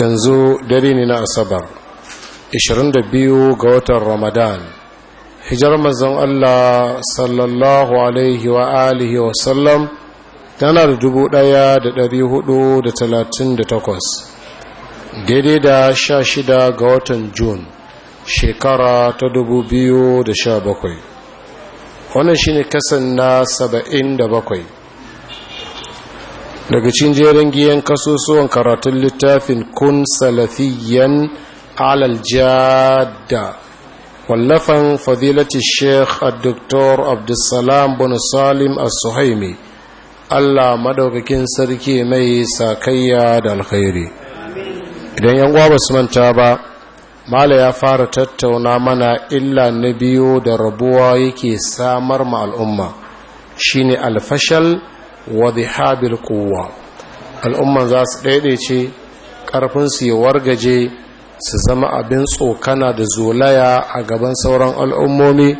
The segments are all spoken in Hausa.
yanzu dare ne na asabar 22 ga watan ramadan hijar mazan allah sallallahu alaihi wa alihi wa sallam tana da da talatin takwas, daidai da sha shida ga watan Jun shekara ta dubu biyu da sha bakwai, wannan shine kasan na saba'in da bakwai. daga cikin jerin giyan kasusuwan karatun littafin kun salafiyan alal jadda wallafan fadilati sheikh dr abdulsalam bin salim Al suhaimi allah madaukakin sarki mai sakayya da alkhairi idan yan uwa basu manta ba mala ya fara tattauna mana illa na biyu da rabuwa yake samar ma al'umma shine alfashal wa dhihabil quwwa al'umman za su daidaice karfin su ya wargaje su zama abin tsokana da zolaya a gaban sauran al'ummomi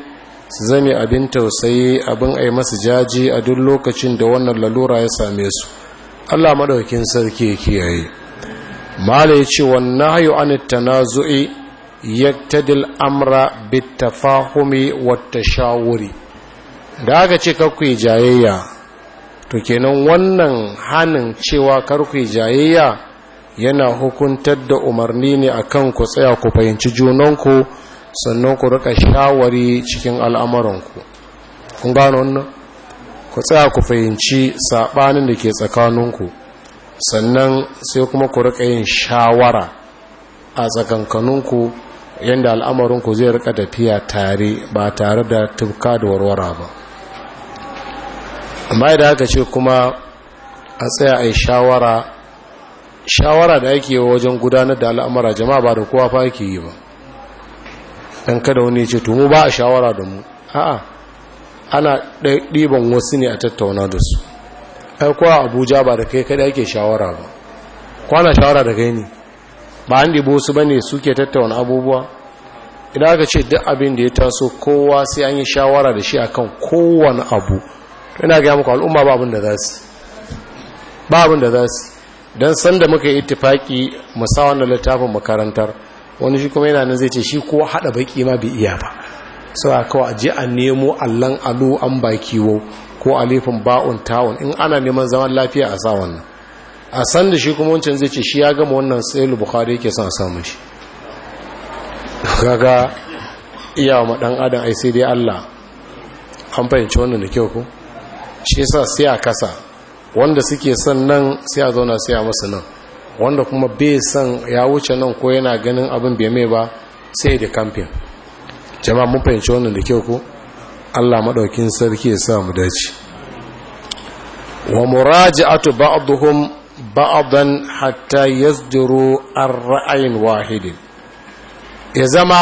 su zame abin tausayi abin ai masu jaji a duk lokacin da wannan lalura ya same su Allah maɗaukin sarki ya kiyaye mala yace wan nahyu an tanazu'i yaktadi al-amra bit wat tashawuri da aka ce kakku jayayya to kenan wannan hannun cewa karku jayayya yana hukuntar da umarni ne a kan ku tsaya ku fahimci junanku sannan ku rika shawari cikin al'amuranku kun gano wannan ku tsaya ku fahimci sabanin da ke tsakaninku sannan sai kuma ku rika yin shawara a tsakankaninku yadda al'amarinku zai rika tafiya tare ba tare da tufka da warwara ba amma da aka ce kuma a tsaya a yi shawara shawara da ake wajen gudanar da al'amara jama'a ba da kowa fa ake yi ba don kada wani ce tumu ba a shawara da mu a'a ana ɗiban wasu ne a tattauna da su ai kowa abuja ba da kai kada ake shawara ba kwana shawara da kai ne ba an ɗibo su ba ne suke tattauna abubuwa idan aka ce duk abin da ya taso kowa sai an yi shawara da shi akan kowane abu ina ga muku al'umma ba abin da za su ba abin da za su don sanda muka yi ittifaki musa wannan littafin makarantar wani shi kuma yana nan zai ce shi ko haɗa baki ma bai iya ba sau a kawai aje a nemo allon alu an baki wo ko alifin ba'un tawon in ana neman zaman lafiya a sa wannan a san shi kuma wancan zai ce shi ya gama wannan tsayilu bukari yake son a samun shi gaga iyawa maɗan adam ai sai dai allah an fahimci wannan da kyau ko shi yasa sai a kasa wanda suke son nan sai a zauna sai a musu nan wanda kuma bai son ya wuce nan ko yana ganin abin bai mai ba sai da kamfin jama'a mun fahimci wannan da kyau ko Allah madaukin sarki ya sa mu dace wa muraji'atu ba'dhum ba'dan hatta yasduru ar-ra'ayn wahidin ya zama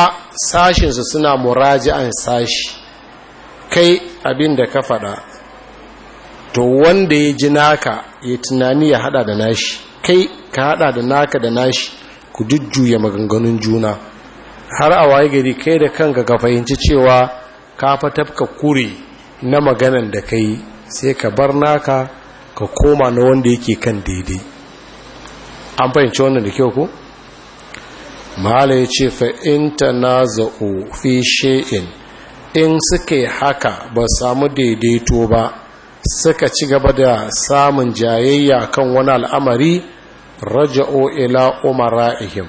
sashin su suna muraji'an sashi kai abin da ka fada. to wanda ya ji naka ya tunani ya hada da nashi kai ka hada da naka da nashi ku jujjuya maganganun juna har a waye gari kai da kanka ka fahimci cewa ka fatafka kure na maganan da kai sai ka bar naka ka koma na wanda yake kan daidai an fahimci wannan da kyau ku. mahala ya ce fa'inta na za'o fi she'in in suka haka ba samu daidaito ba suka ci gaba da samun jayayya kan wani al'amari raja'o ila ihim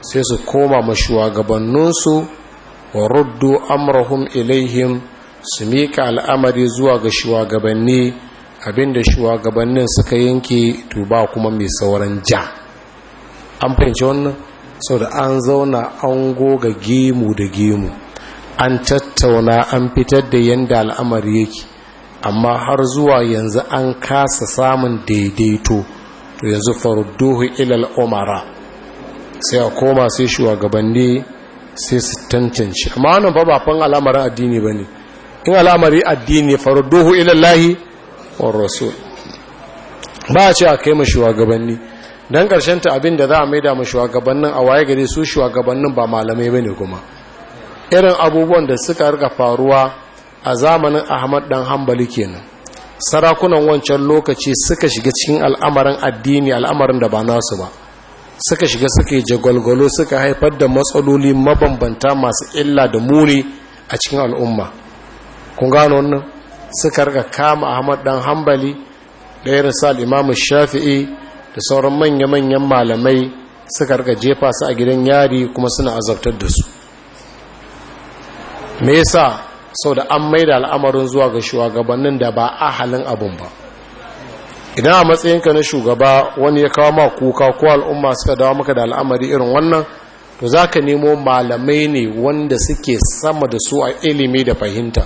sai su koma mashuwagabanninsu wa ruddu amrahum ilaihim su miƙa al'amari zuwa ga shugabanni abinda shugabannin suka yanke tuba kuma mai sauran ja an fahimci wannan sau da an zauna an goga gemu da gemu an tattauna an fitar da yadda al'amari yake amma har zuwa yanzu an kasa samun daidaito to yanzu farudduhu ilal umara sai a koma sai shugabanni sai su tantance amma wannan ba ba fan al'amarin addini ba ne in al'amari addini farudduhu lahi wa rasul ba a ce a kai ma shugabanni don karshen ta abin da za a maida ma shugabannin a waye gari su shugabannin ba malamai ba ne kuma irin abubuwan da suka rika faruwa a zamanin ahmad dan hambali kenan sarakunan wancan lokaci suka shiga cikin al'amarin addini al'amarin da ba nasu ba suka shiga suka yi jagwalgwalo suka haifar da matsaloli mabambanta masu illa da muni a cikin al'umma kun gano wannan suka rika kama ahmad dan hambali da irin sa imamu shafi'i da sauran manya-manyan malamai suka rika jefa su a gidan yari kuma suna azabtar da su me yasa sau da an maida al'amarin zuwa ga shugabannin da ba a halin abin ba idan a matsayinka na shugaba wani ya kawo ma kuka ko al'umma suka dawo maka da al'amari irin wannan to za ka nemo malamai ne wanda suke sama da su a ilimi da fahimta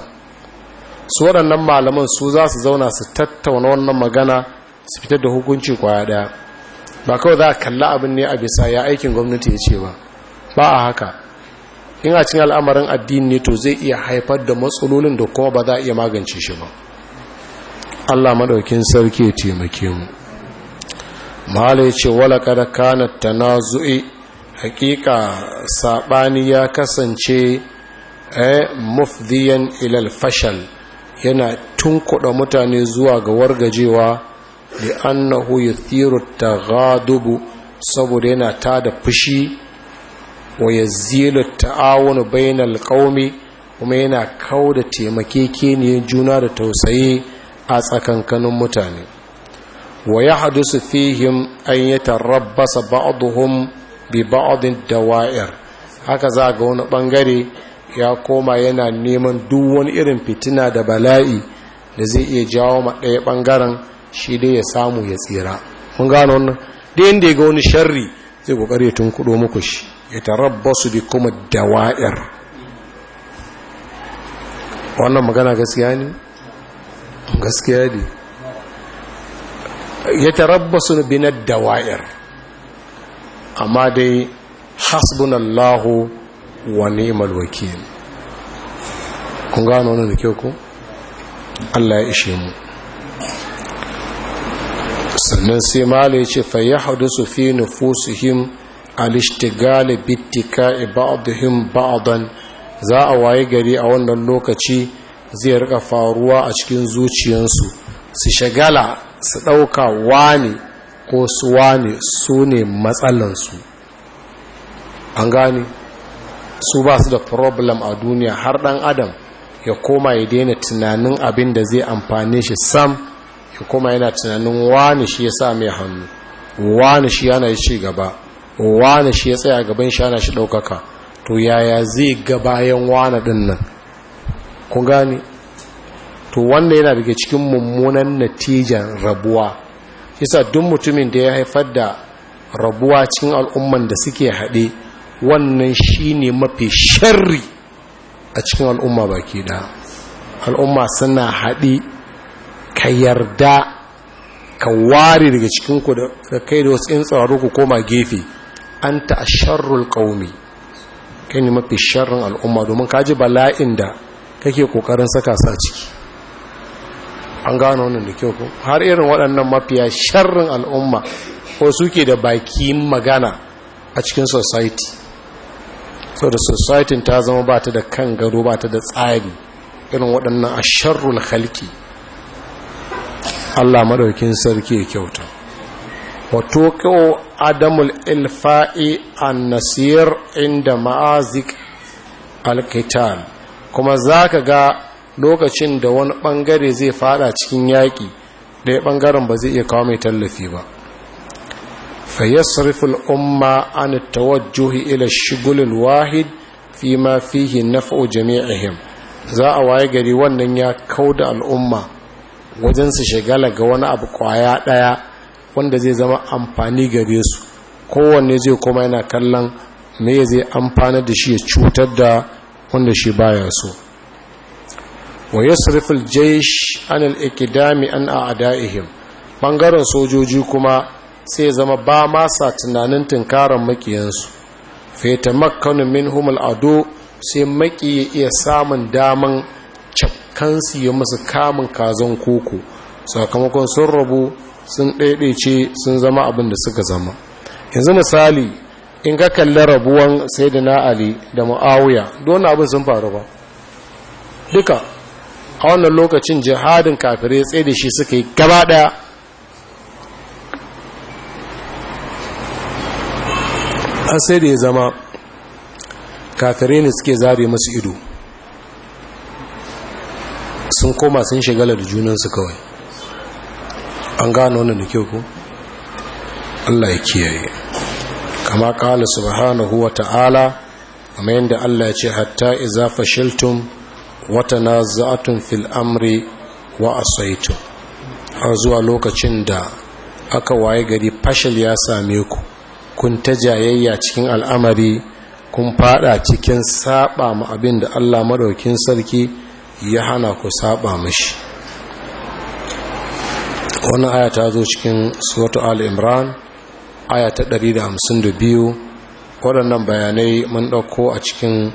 su waɗannan malaman su za su zauna su tattauna wannan magana su fitar da hukunci kwaya ɗaya ba kawai za a kalla abin ne a bisa ya aikin gwamnati ya ce ba ba a haka in a cikin al'amarin addini ne to zai iya haifar da matsalolin da kuma ba za a iya magance shi ba Allah maɗaukin sarki ya taimake mu mahala ya ce wala kada kana tanazu'i hakika saɓani ya kasance eh mufdiyan ilal fashal yana tunkuɗa mutane zuwa ga wargajewa da annahu yathiru taghadubu saboda yana ta da fushi wa yazilu ta'awunu bainal qaumi kuma yana kauda taimakekeniyar juna da tausayi a tsakankanin mutane wa ya yahdusu fihim an yi yatarabbasa ba'aduhun bi ba'adun dawa'ir haka za ga wani bangare ya koma yana neman duk wani irin fitina da bala'i da zai iya jawo maɗaya bangaren ɓangaren shi dai ya samu ya tsira mun gano wannan da ya ga wani sharri zai ƙoƙari ya tunkuɗo muku shi ya tarabbasu bi kuma dawa'ir wannan magana gaskiya ne gaskiya ne ya tarabbasu bi na dawa'ir amma dai hasbunallahu wa ni'mal wakil kun gano wannan da kyau ko Allah ya ishe mu sannan sai malai ce fa ya yahdusu fi nufusihim alishtigali bittika ba'dihim ba'dan za a waye gari a wannan lokaci zai rika faruwa a cikin zuciyansu su shagala su ɗauka wani ko su wani su ne matsalansu an gane su ba su da problem a duniya har ɗan adam ya koma ya daina tunanin abin da zai amfane shi sam ya koma yana tunanin wani shi ya sa mai hannu wani shi yana yi ci gaba wane shi ya tsaya gaban shi ana shi ɗaukaka to yaya zai ga bayan wane ɗin nan kun gani to wanda yana daga cikin mummunan natijan rabuwa yasa duk mutumin da ya haifar da rabuwa cikin al'umman da suke haɗe wannan shi ne mafi sharri a cikin al'umma baki da al'umma suna haɗe ka yarda ka ware daga cikinku da kai da wasu in tsaro ku koma gefe anta asharrul qaumi kai ne mafi sharrin al'umma domin ka ji bala'in da kake kokarin saka sa ciki an gano wannan da kyau har irin waɗannan mafiya sharrin al'umma ko suke da baki magana a cikin society so da society ta zama ba ta da kan gado ba ta da tsari irin waɗannan asharrul halki Allah madaukin sarki ya kyauta Wato kyau Adamu Ilfaiye a Nasiru inda Maazik al-Qaitan kuma za ka ga lokacin da wani ɓangare zai faɗa cikin yaƙi? Da ɓangaren ba zai iya kawo mai tallafi ba. Fayyar sarrifullin umma an ta wajuhu ila shigulin wahid fimaffihin na faɗo jami'an himma. Za a waye gari wannan ya kauda al'umma wajen su shigala ga wani abu kwaya ɗaya. wanda zai zama amfani gare su kowanne zai kuma yana kallon me zai amfana da shi ya cutar da wanda shi baya so wa yasrifu al-jaysh an al-iqdami an a'da'ihim bangaren sojoji kuma sai zama ba ma sa tunanin tunkaran makiyansu fa yatamakkanu minhum al-adu sai maki ya iya samun daman cakansu ya masu kamun kazan koko sakamakon sun rabu sun ɗaiɗaice sun zama abin da suka zama yanzu misali in ka kalli rabuwan da ali da ma'awuya don abin sun faru ba duka a wannan lokacin jihadin kafirai tsaye da shi suka yi gaba ɗaya har sai da ya zama kafirai ne suke zabe masu ido sun koma sun shigala da junansu kawai an gano wannan da kyau ko Allah ya kiyaye kama kala subhanahu wa ta'ala kuma yadda Allah ya ce hatta iza fashiltum wa tanaza'tum fil amri wa asaitum har zuwa lokacin da aka waye gari fashil ya same ku kun ta jayayya cikin al'amari kun fada cikin saba ma abin da Allah madaukin sarki ya hana ku saba mashi wannan aya ta zo cikin suratu al-imran aya ta da da biyu waɗannan bayanai mun ɗauko a cikin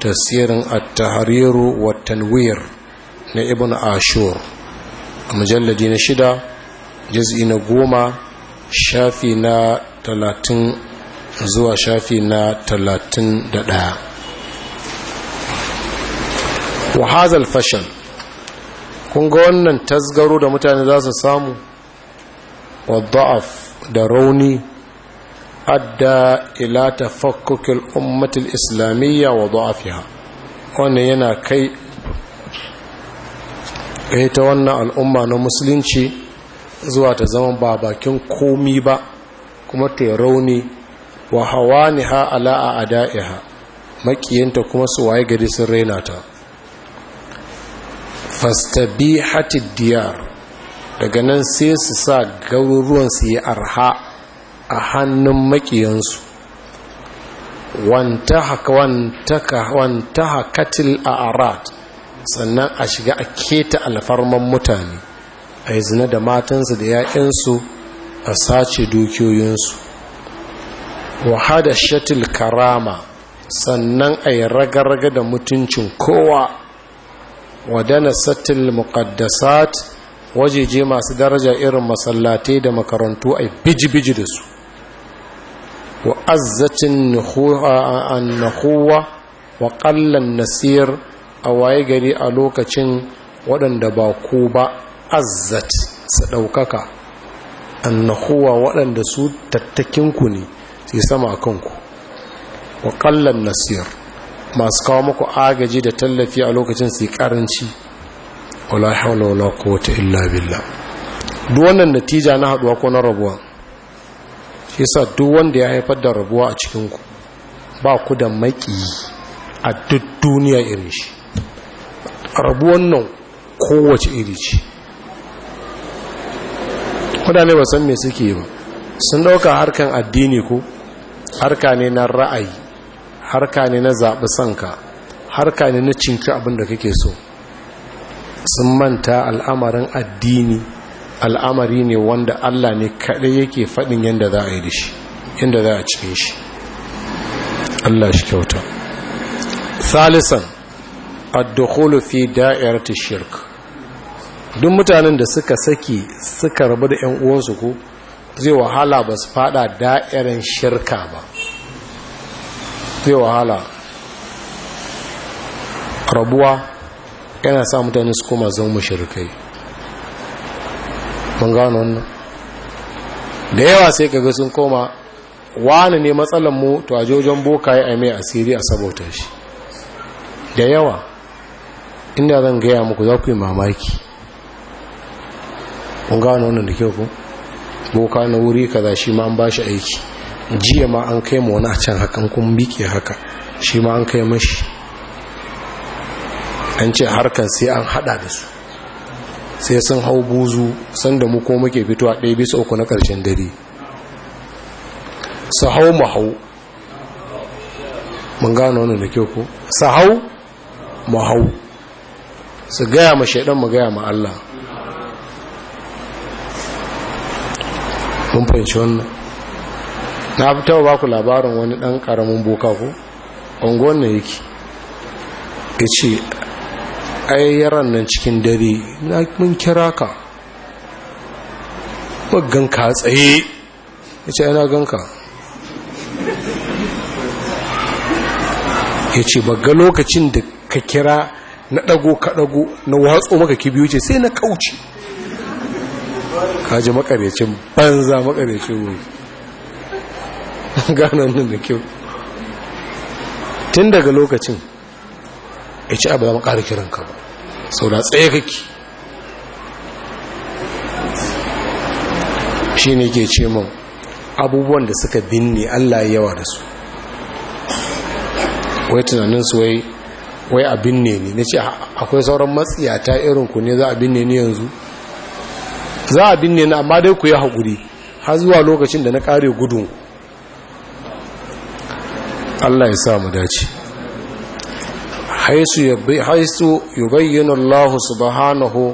tasirin at-tahriru wa tanwir na ibn ashur a mujalladi na shida juz'i na goma shafi na talatin zuwa shafi na talatin da ɗaya wa hazal kun ga wannan tasgaro da mutane za su samu wadda'af da rauni adda ila tafakkukil ummatil islamiyya wa ya wannan yana kai kai ta wannan al'umma na musulunci zuwa ta zama ba bakin komi ba kuma ta rauni wa hawa ni ha ala a adaiha makiyanta kuma su waye gari sun raina ta fastabihatid diyar daga nan sai su sa garuruwan su yi arha a hannun makiyansu wanta hakatil a arat sannan a shiga a keta alfarman mutane a yi zina da matansu da 'ya'yansu a sace dukiyoyinsu wahada shatil karama sannan a yi raga-raga da mutuncin kowa wadana satil muqaddasat wajeje masu daraja irin masallatai da makarantu a biji-biji da su wa azzatin nahuwa wa ƙallan nasir a waye gari a lokacin waɗanda ba ko ba azzat su ɗaukaka annahuwa waɗanda su tattakinku ne sai sama kanku wa ƙallan nasir masu kawo muku agaji da tallafi a lokacin su yi karanci wala haula wala quwwata illa billah duk wannan natija na haduwa ko na rabuwa shi yasa duk wanda ya haifar da rabuwa a cikin ku ba ku da maki a duk duniya irin shi rabuwan nan kowace iri ce mutane ba san me suke yi ba sun dauka harkan addini ko harka ne na ra'ayi harka ne na zaɓi sanka harka ne na cinci abin da kake so sun manta al'amarin addini al'amari ne wanda allah ne kaɗai yake faɗin yadda za a yi da shi yadda za a cikin shi allah shi kyauta thalisan addukhulu fi ta shirk duk mutanen da suka saki suka rabu da 'yan uwansu ko zai wahala ba su fada da'irin shirka ba zai wahala rabuwa yana sa mutane su koma zan mashirkai ban gano wannan da yawa sai kaga sun koma wani ne matsalan mu to a jojon boka ya aime asiri a sabota shi da yawa inda zan gaya muku za ku yi mamaki ban gano wannan da kyau ku boka na wuri kaza shi ma an ba shi aiki jiya ma an kai ma wani a can hakan kun miƙe haka shi ma an kai mashi an ce harkar sai an hada da su sai sun hau buzu sanda mu ko muke fitowa ɗaya bisa uku na ƙarshen dare su hau mu hau mun gano wani da kyau ko su hau mu hau su gaya ma shaidan mu gaya ma Allah mun fahimci wannan na fitawa ba ku labarin wani ɗan karamin boka ko ungon na yake ya ce ai yaran nan cikin dare na mun kira ka maggan ka tsaye ya ce yana ganka ya ce ga lokacin da ka kira na ɗago ka ɗago na watso maka kibiyu ce sai na kauce kaji makarecin banza makarecin wuri gano nan da kyau tun daga lokacin ya ci abu zama ƙara ka ba sau da tsaye kake shi ne ke ce mun abubuwan da suka binne allah yawa da su wai tunanin su wai wai a binne ne na ce akwai sauran matsiyata ku ne za a binne ne yanzu za a binne na amma dai ku yi haƙuri har zuwa lokacin da na ƙare gudun Allah ya sa mu dace haisu bayyana Allah subhanahu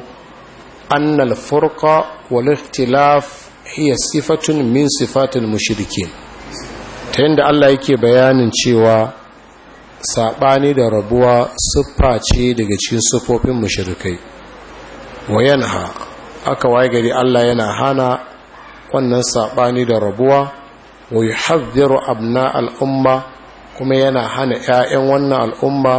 anna al-furqa wal ikhtilaf hiya sifatun min sifatil mushrikin ta yadda Allah yake bayanin cewa saɓani da rabuwa siffa ce daga cikin siffofin mushrikai wayanha aka waye gari Allah yana hana wannan saɓani da rabuwa wa yuhadhdhiru abna al-umma kuma yana hana 'ya'yan wannan al'umma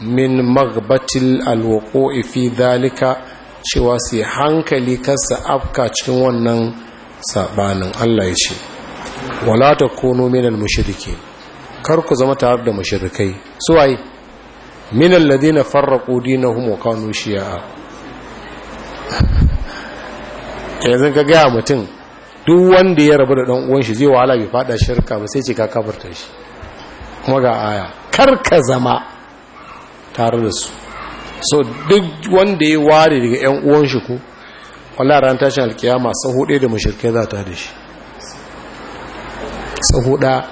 min magbatil alwaƙo'i fi dalika cewa su hankali kasa afka cikin wannan saɓanin Allah ya ce wala ta kono minal mushriki kar ku zama tare da mushrikai su waye minal na farraqu dinahum wa kanu shi'a yanzu ka gaya mutum duk wanda ya rabu da ɗan uwan shi zai wahala bai faɗa shirka ba sai ce ka kafarta shi kuma ga aya kar ka zama tare da su so duk wanda ya ware daga 'yan uwan shi ko wallahi ran tashin alkiyama sahu ɗaya da mashirkai za ta da shi sahu ɗaya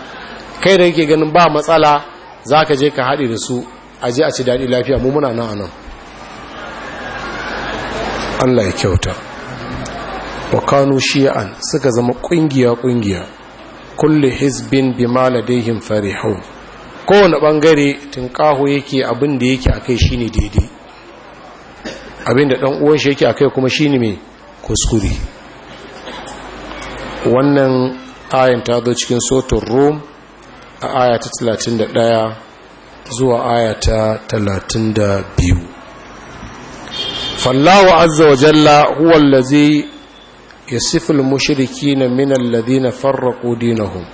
kai da yake ganin ba matsala za ka je ka haɗe da su a je a ci daɗi lafiya mu muna nan a nan allah ya kyauta wa kanu shi'an suka zama ƙungiya-ƙungiya kulle hizbin bi maladehim hau. kowane ɓangare tunƙaho yake abin da yake a kai shi ne daidai abin da ɗan uwan shi yake a kai kuma shi ne mai kuskure wannan ayin ta zo cikin sotun rom a aya ta 31 zuwa aya ta 32 fallawa azza wa jalla huwa allazi na na min na farraqu dinahum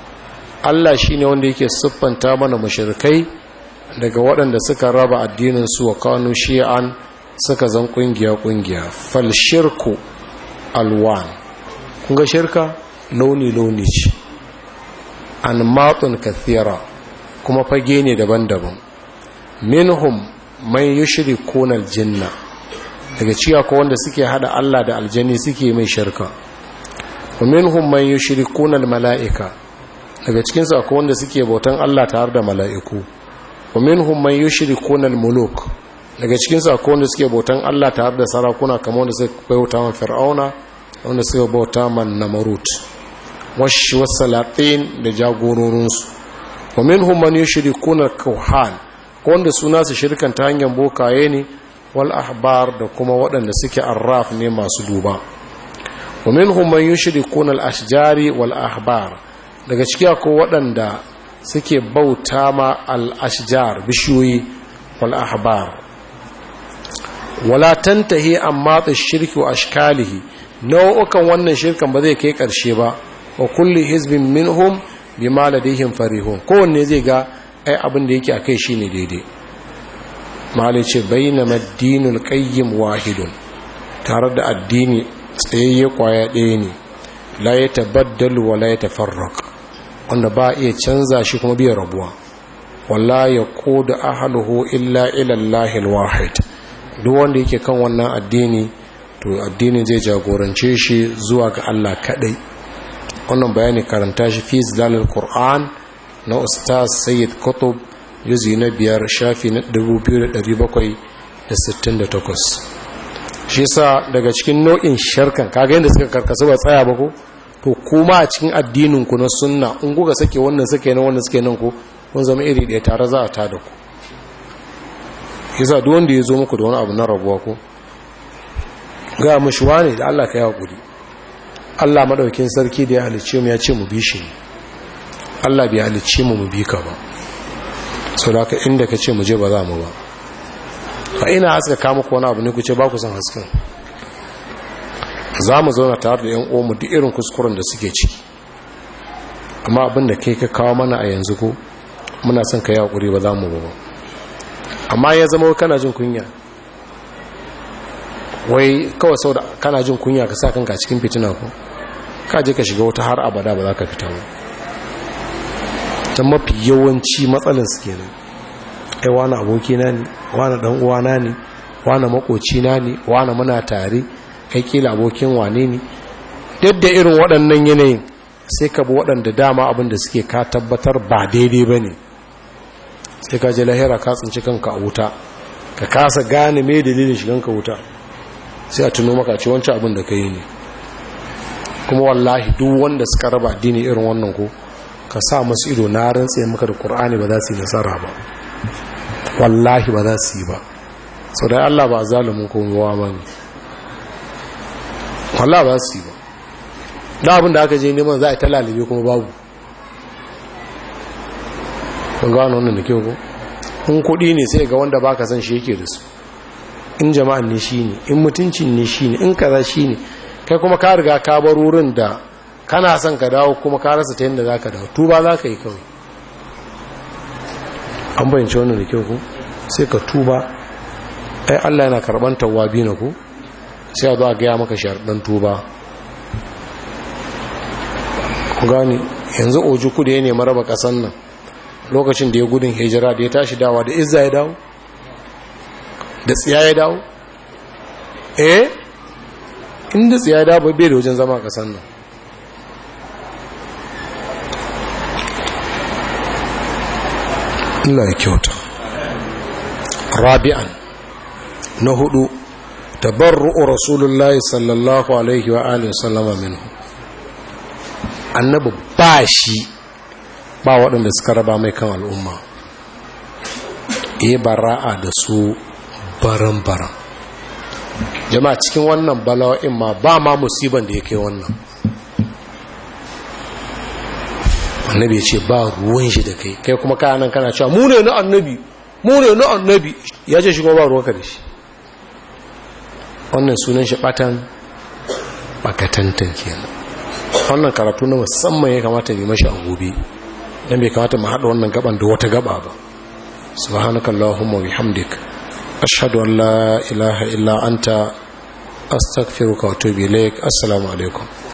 Allah shi ne wanda yake siffanta mana mashirkai daga waɗanda suka raba addininsu wa kanu shi'an suka zan ƙungiya-ƙungiya falshirku alwan kunga shirka launi-launi ce an matsun kathira kuma fage ne daban-daban minhum mai yi shiri konar jinna daga ciya ko wanda suke hada Allah da aljani suke mai shirka minhum mai yi shiri konar mala'ika daga cikinsu akwai wanda suke bautan Allah tare da mala'iku wa minhum man yushrikuna al-muluk daga cikinsu akwai wanda suke bautan Allah tare da sarakuna kamar wanda suka bauta man fir'auna wanda suka bauta man namarut washi salatin da jagororinsu wa minhum man yushrikuna kuhan wanda suna su shirkan ta hanyar bokaye ne wal ahbar da kuma waɗanda suke arraf ne masu duba wa minhum man yushrikuna al-ashjari wal ahbar daga ciki ko waɗanda suke bauta ma al’ashijar bishiyoyi wal'ahabar ahbar wala tantahi amma shirki wa shikalihi nau'ukan wannan shirkan ba zai kai ƙarshe ba wa kulli hezbin minhum bima ladayhim farihun kowanne zai ga ai abin da yake akai shine daidai malai ce na dinul qayyim wahidun tare da addini tsayayye kwaya ɗaya ne la yatabaddalu wa la yatafarraq wanda ba iya canza shi kuma biya rabuwa walla ya koda ahaluhu illa ilallahi alwahid duk wanda yake kan wannan addini to addinin zai jagorance shi zuwa ga Allah kadai wannan bayani karanta shi fi zalal qur'an na ustaz sayyid kutub juzi na biyar shafi na 2768 shi sa daga cikin nau'in sharkan kaga yadda suka karkasu ba tsaya ba ko to kuma a cikin addinin ku na sunna in guga sake wannan sake nan wannan sake nan ku kun zama iri ɗaya tare za a ta da ku yasa duk wanda ya zo muku da wani abu na rabuwa ko ga mushuwa ne da Allah ka yi hakuri Allah madaukin sarki da ya halicce mu ya ce mu bi shi ne Allah bai halicce mu mu bi ka ba sau da ka, inda ka ce mu je ba za mu ba fa ina haska kama muku wani abu ne ku ce ba ku san hasken za mu zauna tare da 'yan omu duk irin kuskuren da suke ciki amma abinda ke ka kawo mana a yanzu ko muna son ka yi ba za mu ba amma ya zama kana jin kunya wai kawai sau da kana jin kunya ka sa kanka cikin fitina ko ka je ka shiga wata har abada ba za ka fita ba ta mafi yawanci matsalin su kenan ai wani abokina ne wani dan uwana ne wani na ne wani muna tare kai kila abokin wane ne duk da irin waɗannan yanayin sai ka bi waɗanda dama abin da suke ka tabbatar ba daidai ba ne sai ka je lahira ka tsinci kanka a wuta ka kasa gane mai dalilin ka wuta sai a tuno maka ce wancan abin da ka yi ne kuma wallahi duk wanda suka raba dini irin wannan ko ka sa masu ido na rantse maka da kur'ani ba za su yi nasara ba wallahi ba za su yi ba sau da allah ba zalimin komowa ba ne wallah ba su yi ba da abin da aka je neman za a ta lalibe kuma babu ga gano wannan da kyau ko in kudi ne sai ga wanda baka san shi yake da su in jama'an ne shi ne in mutuncin ne shi ne in kaza shi ne kai kuma ka riga ka bar wurin da kana son ka dawo kuma ka rasa ta yadda za ka dawo tuba za ka yi kawai an bayyance wannan da kyau ko sai ka tuba ai Allah yana karɓar tawabi na ku sai a zo a gaya maka sharɗin tuba ku gani yanzu oji kudu ya nemi raba ƙasan nan lokacin da ya gudun hijira da ya tashi dawa da izza ya dawo da tsiya ya dawo eh inda tsiya ya dawo bai da wajen zama ƙasan nan Allah ya kyauta rabi'an na hudu tabarru'u rasulullahi sallallahu alaihi wa alihi sallama minhu annabi ba shi ba waɗanda suka raba mai kan al'umma ya bara'a da su baran-baran jama'a cikin wannan bala'o'in ma ba ma musiban da ya kai wannan annabi ya ce ba ruwan shi da kai kai kuma kayanan kana cewa mu ne na annabi mu ne na annabi ya ce shi kuma ba ruwanka da shi wannan sunan shi batan bakatantan kenan wannan karatu na musamman ya kamata ne mashi a gobe dan bai kamata mu haɗa wannan gaban da wata gaba ba subhanaka allahumma bihamdik ashhadu an la ilaha illa anta astaghfiruka wa atubu ilaik assalamu alaikum